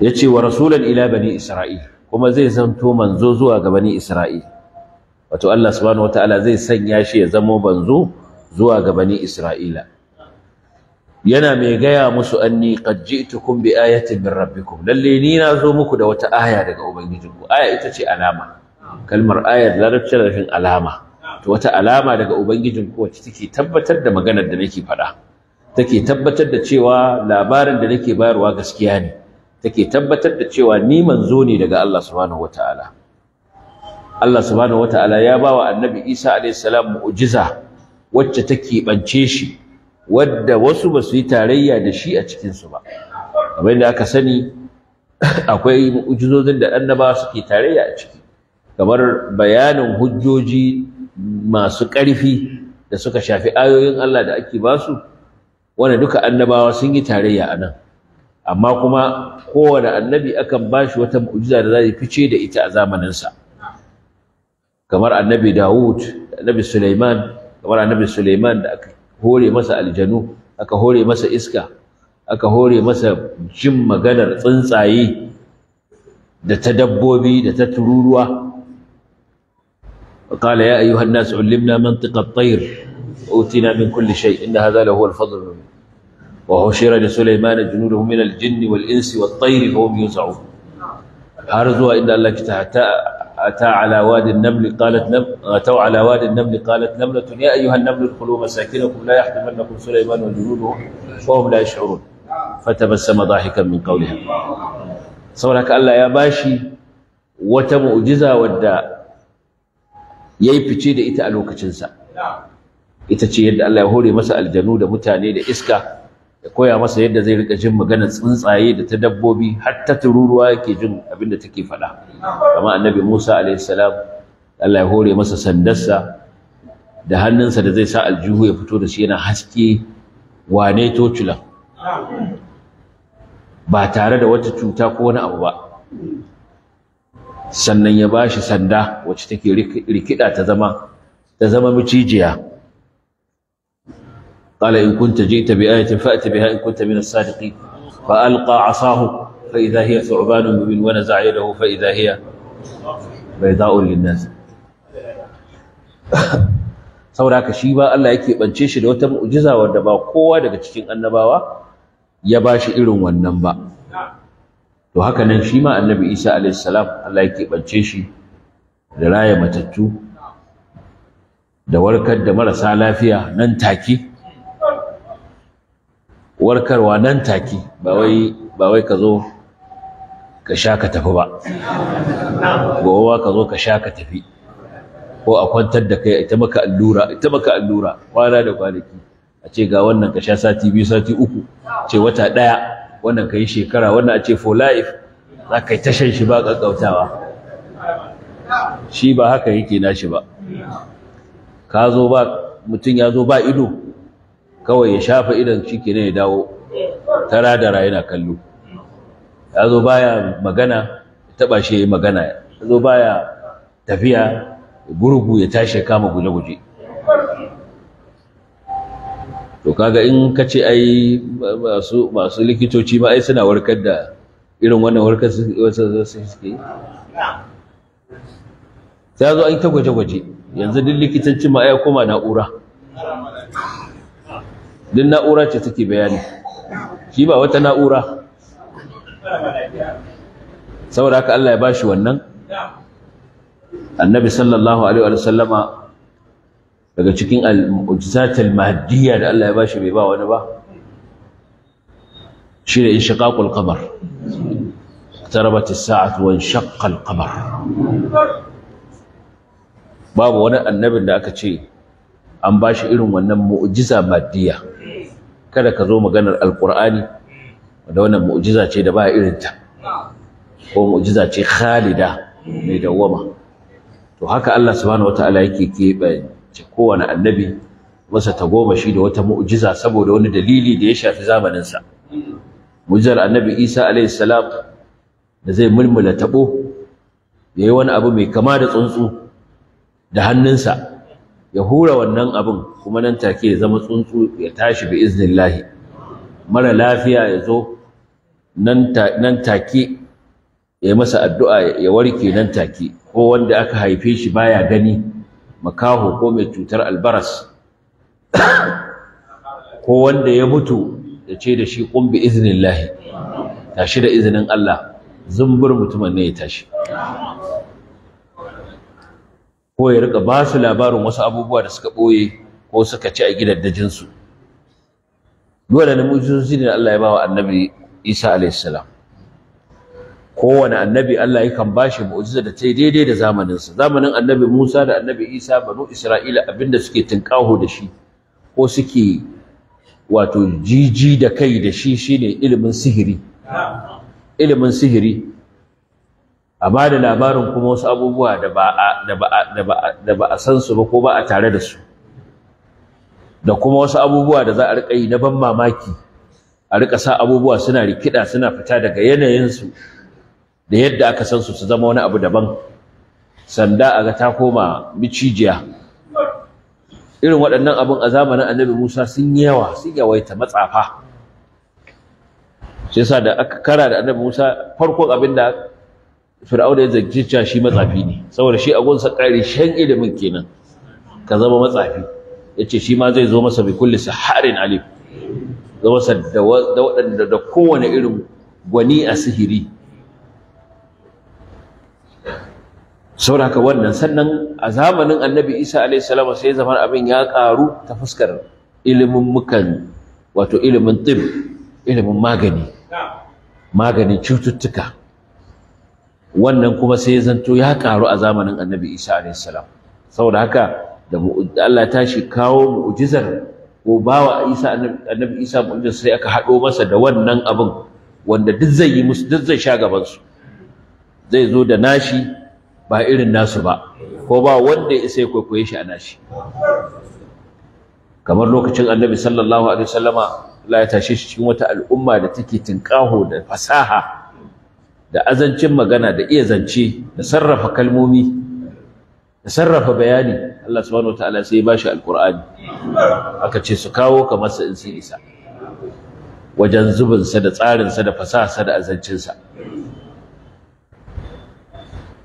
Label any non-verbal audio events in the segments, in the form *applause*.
ya ce wa rasulan ila bani isra'il kuma zai zanto manzo zuwa ga bani isra'il wato Allah subhanahu wata'ala zai sanya shi ya zamo banzo zuwa ga bani isra'ila yana mai gaya musu anni qad ji'tukum bi ayatin min rabbikum lalle ni na zo muku da wata aya daga ubangijinku aya ita ce alama kalmar ayar larabci rafin alama to wata alama daga ubangijinku wacce take tabbatar da maganar da nake faɗa take tabbatar da cewa labarin da nake bayarwa gaskiya ne take tabbatar da cewa ni manzo ne daga Allah subhanahu wataala Allah subhanahu wataala ya bawa annabi Isa alayhi salam mu'jiza wacce take bance shi wadda wasu basu yi tarayya da shi a cikin su ba kamar yadda aka sani *coughs* akwai mu'jizozin da annabawa suke tarayya a ciki kamar bayanin hujjoji masu ƙarfi da suka shafi ayoyin Allah da ake basu wanda duka annabawa sun yi tarayya a nan amma kuma kowane annabi akan ba shi wata mu'jiza da za ta fice da ita a zamaninsa kamar annabi Dawud annabi Suleiman, kamar annabi Suleiman da aka hore masa aljanu aka hore masa iska aka hore masa jin maganar tsuntsaye da ta dabbobi da ta tururuwa قال يا أيها الناس علمنا منطق الطير أوتينا من كل شيء إن هذا لهو الفضل وحشر لسليمان جنوده من الجن والإنس والطير فهم يوزعون أرزوا إن الله أتى على واد النمل قالت نم... أتوا على واد النمل قالت نملة يا أيها النمل ادخلوا مساكنكم لا يحتملكم سليمان وجنوده وهم لا يشعرون فتبسم ضاحكا من قولها saboda Allah ya bashi wata mu'jiza wadda yayi fice da ita a lokacinsa ita ce yadda Allah ya hore masa aljanu da mutane da iska ya koya masa yadda zai rika jin maganar tsuntsaye da ta dabbobi har ta tururuwa yake jin abin da take faɗa kamar annabi Musa alaihi salam Allah ya hore masa sandarsa da hannunsa da zai sa aljihu ya fito da shi yana haske wane tocula ba tare da wata cuta ko wani abu ba sannan ya bashi sanda wacce take rikida ta zama ta zama قال إن كنت جئت بآية فأت بها إن كنت من الصادقين فألقى عصاه فإذا هي ثعبان مبين ونزع يده فإذا هي بيضاء للناس saboda haka shi ba Allah yake bance shi da wata mu'jiza da ba kowa daga cikin annabawa ya ba shi irin wannan ba to haka nan shi ma annabi Isa alaihi salam Allah yake bance shi da raya matattu da warkar da marasa lafiya nan take warkarwa nan take ba wai ba wai ka zo ka sha ka tafi ba gowa ka zo ka sha ka tafi ko a kwantar da kai ita maka allura ita maka allura kwana da kwanaki a ce ga wannan ka sha sati biyu sati uku ce wata ɗaya wannan ka yi shekara wannan a ce for life za ka yi tashan shi ba ƙaƙƙautawa shi ba haka yake nashi ba ka zo ba mutum ya zo ba ido kawai ya shafa idan ciki ne ya dawo tara da yana kallo ya zo baya magana ya taba shi yayi magana ya zo baya tafiya gurgu ya tashi kama guje-guje to kaga in ka ce ai masu masu likitoci ma ai suna warkar da irin wannan warkar su suke yi zo an ta gwaje-gwaje yanzu duk likitancin ma ya koma na'ura din na'ura ce take bayani shi ba wata na'ura saboda haka Allah ya bashi wannan annabi sallallahu alaihi wa sallama daga cikin al-mu'jizatul mahdiyya da Allah ya bashi bai ba wani ba shine inshiqaqul qamar tarabat as-sa'atu wa inshaqqal qamar babu wani annabin da aka ce an ba shi irin wannan mu'jiza maddiya kada ka zo maganar alkur'ani wanda wannan mu'jiza ce da ba irin ta ko mu'jiza ce khalida mai dawwama to haka Allah subhanahu wataala yake keɓance kowane annabi masa ta shi da wata mu'jiza saboda wani dalili da ya shafi zamaninsa mu'jizar annabi isa alayhi salam da zai mulmula ya yayi wani abu mai kama da tsuntsu da hannunsa ya hura wannan abin kuma nan take ya zama tsuntsu ya tashi bi iznillahi mara lafiya ya zo nan take ya masa addu'a ya warke nan take ko wanda aka haife shi baya gani makaho ko mai cutar albaras *coughs* ko wanda ya mutu ya ce da shi kun bi iznillahi tashi da izinin Allah zumbur mutumin ne ya tashi ko ya rika ba su labarin wasu abubuwa da suka ɓoye ko suka ci a gidaddajinsu dole na mujizozi ne Allah ya ba wa annabi Isa alaihissalam kowane annabi Allah yakan ba shi mu'jiza da ta daidai da zamanin zamaninsa zamanin annabi Musa da annabi Isa banu Isra'ila abinda suke tinkaho da shi ko suke wato jiji da kai da shi shine ilimin sihiri ilimin sihiri a ba da labarin kuma wasu abubuwa da ba a san su ba ko ba a tare da su da kuma wasu abubuwa da za a riƙa yi na ban mamaki a riƙa sa abubuwa suna rikida suna fita daga yanayinsu da yadda aka san su su zama wani abu daban sanda a ga ta koma micijiya irin waɗannan abin a zamanin annabi musa sun yawa sun yawaita matsafa shi yasa da aka kara da annabi musa farkon abin da fir'auna ya zance shi matsafi ne saboda shi agun sa shan ilimin kenan ka zama matsafi yace shi ma zai zo masa mai kulle saharin alim zo masa da waɗanda da kowane irin gwani a sihiri saboda ka wannan sannan a zamanin annabi isa alaihi salama sai zaman abin ya karu ta fuskar ilimin mukan wato ilimin ilimin magani maganin cututtuka wannan kuma sai ya zanto ya karu a zamanin annabi isa alaihi salam saboda haka da Allah tashi kawo mu'jizar ko bawa Isa annabi Isa mu'jizar sai aka haɗo masa da wannan abin wanda duk zai yi musu duk zai sha gabansu, zai zo da nashi ba irin nasu ba ko ba wanda ya sai kwaikwaye shi a nashi kamar lokacin annabi sallallahu alaihi wasallama Allah ya tashi shi cikin wata al'umma da take tinkaho da fasaha da azancin magana da iya zance da sarrafa kalmomi da sarrafa bayani Allah subhanahu wataala sai ya bashi alqur'ani aka ce su kawo kamar sa in sun isa wajen zubinsa da tsarinsa da fasaha sa da azancinsa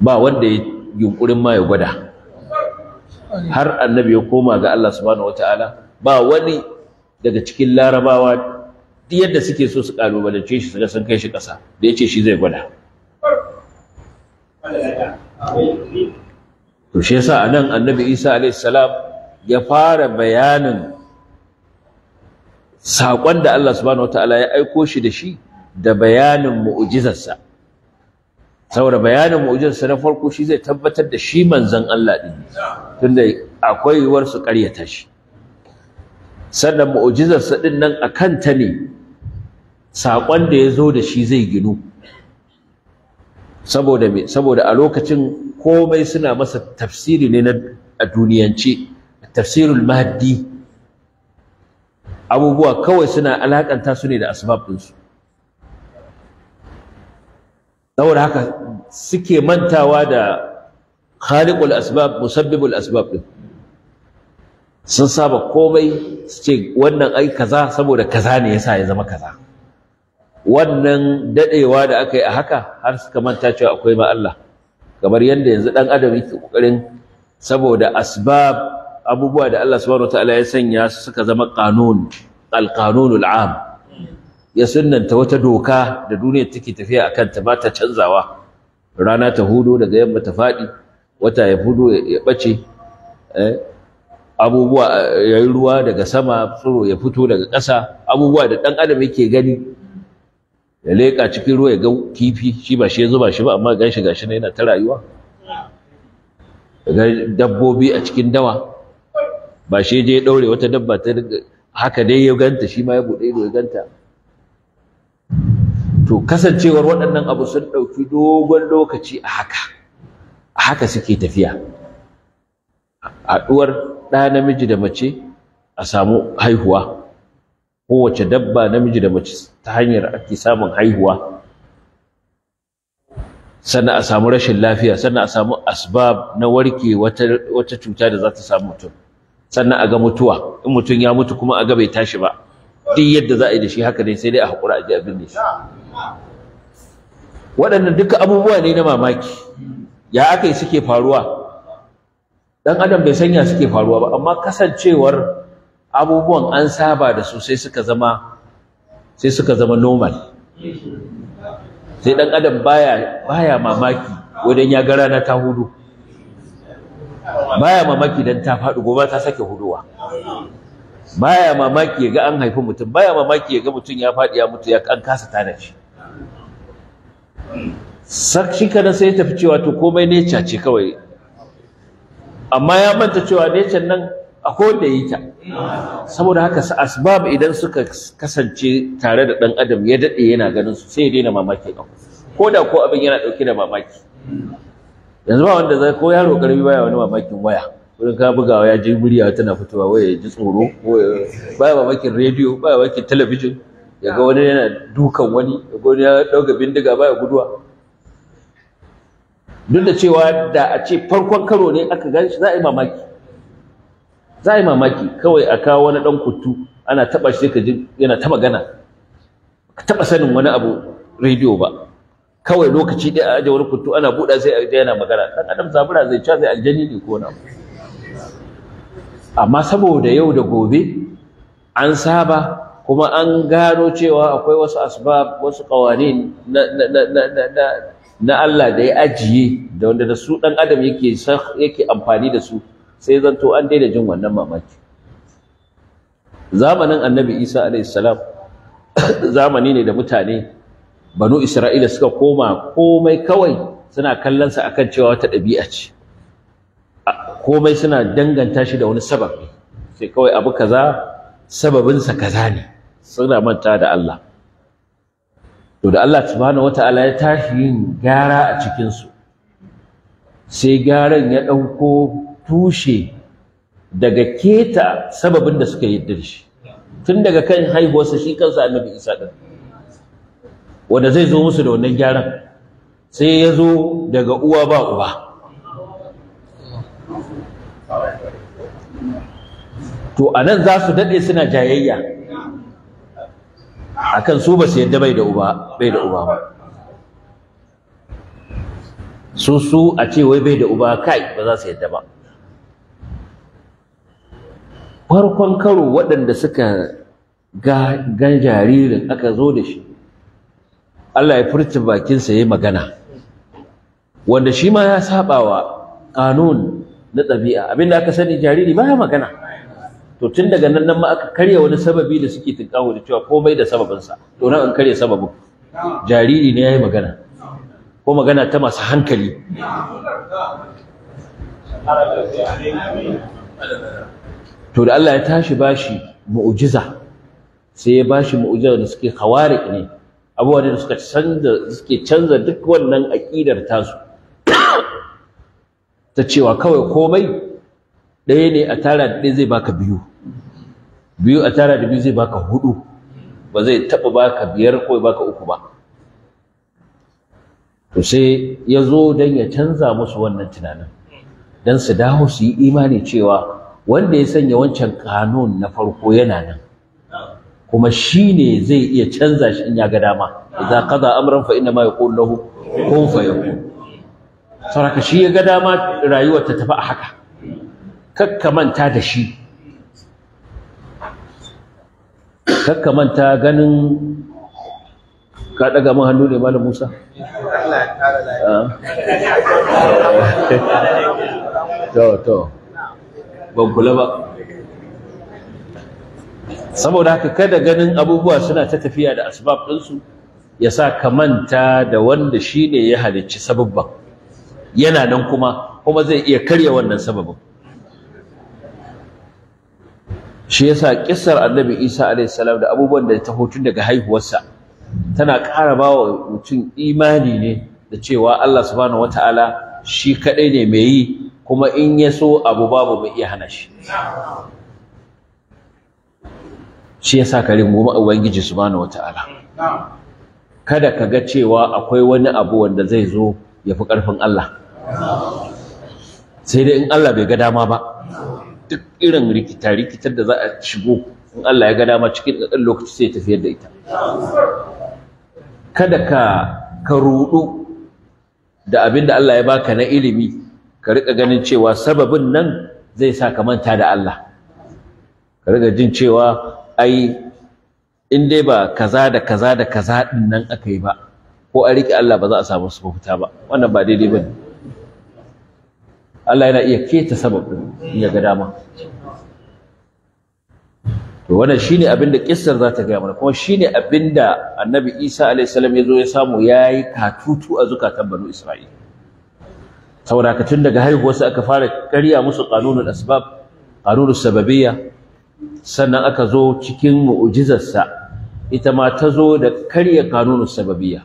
ba wanda ya yunkurin ma ya gwada har annabi ya koma ga Allah subhanahu wataala ba wani daga cikin larabawa duk yadda suke so su kalubalance shi suka sun kai shi ƙasa da ya ce shi zai gwada to shi yasa a nan annabi isa salam ya fara bayanin saƙon da allah subhanahu wataala ya aiko shi da shi da bayanin mu'ujizarsa saboda bayanin mu'ujizarsa na farko shi zai tabbatar da shi manzon allah ɗin tunda akwai yiwuwar su ƙaryata shi sannan mu'ujizarsa ɗin nan a kanta ne saƙon da ya zo da shi zai ginu saboda me saboda a lokacin komai suna masa tafsiri ne na a duniyance tafsirul mahdi abubuwa kawai suna alakanta su ne da asbab ɗinsu saboda haka suke mantawa da khaliqul asbab musabbibul asbab ɗin sun saba komai su ce wannan ai kaza saboda kaza ne yasa ya zama kaza wannan dadewa da aka yi a haka har suka manta cewa akwai ma Allah kamar yadda yanzu dan adam yake kokarin saboda asbab abubuwa da Allah subhanahu wataala ya sanya su suka zama qanun alqanunul am ya sunnanta wata doka da duniya take tafiya akan ta ba ta canzawa rana ta hudu daga yamma ta faɗi, wata ya hudo ya bace eh, abubuwa eh, yi ruwa daga sama furo ya fito daga ƙasa abubuwa da dan adam yake gani ya leƙa cikin ruwa ya ga kifi shi ba shi ya zuba shi ba amma gashi gashi ne yana ta rayuwa ga dabbobi a cikin dawa ba shi je ya daure wata dabba ta haka dai ya ganta shi ma ya buɗe ido ya ganta to kasancewar waɗannan abu sun ɗauki dogon lokaci a haka a haka suke tafiya haɗuwar ɗa namiji da mace a samu haihuwa kowace dabba namiji da mace ta hanyar ake samun haihuwa sannan a samu rashin lafiya sannan a samu asbab na warke wata cuta da za ta samu mutum sannan a ga mutuwa in mutum ya mutu kuma a ga bai tashi ba duk yadda za a yi da shi haka ne sai dai a haƙura a ji abin ne waɗannan duka abubuwa ne na mamaki ya aka yi suke faruwa ɗan adam bai sanya suke faruwa ba amma kasancewar abubuwan an saba da su sai suka zama sai suka zama normal sai dan adam baya baya mamaki wajen ya ga rana ta hudu baya mamaki dan ta faɗi gobe ta sake huduwa baya mamaki ga an haifi mutum baya mamaki ga mutum ya faɗi ya mutu ya an kasa tana shi sakshi kana sai ya tafi cewa to komai neca ce kawai amma ya manta cewa necan nan A wanda yi ta saboda haka su, asbab idan suka kasance tare da ɗan adam ya daɗe yana ganin su sai ya daina mamaki abu ko da ko abin yana ɗauke da mamaki yanzu ba wanda zai ko yaro karbi baya wani mamakin waya wurin ka bugawa ya ji murya tana fitowa waya ya ji tsoro baya mamakin rediyo baya mamakin talabijin ya ga wani yana dukan wani ya ga wani ya ɗauka bindiga baya guduwa duk da cewa da a ce farkon karo ne aka gan shi za a yi mamaki za a yi mamaki kawai a kawo wani ɗan kuttu ana taɓa shi ka ji yana ta magana ka taɓa sanin wani abu rediyo ba kawai lokaci ɗaya a aje wani kuttu ana buɗa sai a yana magana ɗan adam zabura zai aljani ne ko nan amma saboda yau da gobe an saba kuma an gano cewa akwai wasu asbab wasu ƙawani na Allah da ya ajiye da wanda da su ɗan adam yake amfani da su sai zanto an daina jin wannan mamaki zamanin annabi isa alaihissalam *coughs* zamani ne da mutane banu isra'ila suka koma komai kawai suna kallonsa akan cewa wata ɗabi'a ce komai suna danganta shi da wani sababi sai kawai abu kaza sababinsa kaza ne suna manta da Allah to da Allah subhanahu wata'ala ya tashi yin gyara a cikinsu sai gyaran ya ɗauko tushe daga keta sababin da suka yadda da shi tun daga kan haihuwarsa shi kansa annabi isa ɗin wanda zai zo musu da wannan gyaran sai ya zo daga uwa ba uba to a nan za su daɗe suna jayayya a kan su ba su yadda bai da uba ba su su a ce wai bai da uba kai ba za su yadda ba farkon karo waɗanda suka gan jaririn aka zo da shi Allah ya furta bakinsa ya yi magana wanda shi ma ya saba wa kanun na ɗabi'a abinda aka sani jariri ba ya magana to tun daga nan nan ma aka karya wani sababi da suke tunkawo da cewa komai da sababinsa to nan an karya sababin jariri ne ya yi magana ko magana ta masu hankali to da Allah ya tashi bashi mu'jiza sai ya bashi mu'jiza da suke khawari ne abuwa da suka canza suke canza duk wannan aqidar tasu *coughs* ta cewa kawai komai ɗaya ne a tara da zai baka biyu biyu a tara da biyu zai baka hudu ba zai taɓa baka biyar ko baka uku ba to sai ya zo don ya canza musu wannan tunanin don su dawo su yi imani cewa wanda ya sanya wancan kanun na farko yana nan kuma shi ne zai iya canza shi in ya ga dama idza qada amran fa inna ma yaqulu lahu kun fayakun saboda shi ya ga dama rayuwar ta tafi a haka kakka manta da shi kakka manta ganin ka daga mun hannu ne malam Musa Allah ya kara lafiya ah. *laughs* to to ban kula ba saboda haka kada ganin abubuwa suna ta tafiya da asbab ɗinsu ya sa ka manta da wanda shi ne ya halicci sababban yana nan kuma kuma zai iya karya wannan sababin shi yasa kissar annabi isa alaihissalam da abubuwan da ta hotun daga haihuwarsa tana ƙara ba wa mutum imani ne da cewa allah subhanahu wataala shi kaɗai ne mai yi kuma in ya so abu babu mai iya hana shi shi ya yasa ka rungumi ubangiji subhanahu wataala kada ka ga cewa akwai wani abu wanda zai zo ya fi ƙarfin Allah sai dai in Allah bai ga dama ba duk irin rikita rikitar da za a shigo in Allah ya ga dama cikin ɗan lokaci sai tafiyar da ita kada ka ka ruɗu da abin da Allah ya baka na ilimi ka riƙa ganin cewa sababin nan zai sa ka manta da Allah ka riƙa jin cewa ai in dai ba kaza da kaza da kaza ɗin nan aka yi ba ko a riƙe Allah ba za a samu su mafita ba wannan ba daidai ba Allah yana iya keta sababin ya ga dama to wannan shine abin da kissar za ta gaya mana kuma shine abin da Annabi Isa alayhi salam ya zo ya samu yayi katutu a zukatan Banu Isra'il saboda daga tun daga haihuwarsu aka fara karya musu qanunul asbab sababiyya sannan aka zo cikin mu'ujizarsa, ita ma ta zo da karya qanunul sababiyya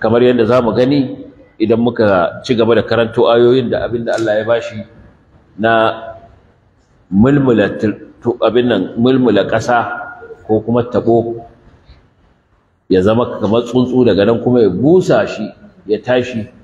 kamar yadda za mu gani idan muka ci gaba da karanto ayoyin da abin da Allah ya bashi na mulmula abin nan mulmula ƙasa ko kuma taɓo ya zama kamar tsuntsu daga nan kuma ya busa shi ya tashi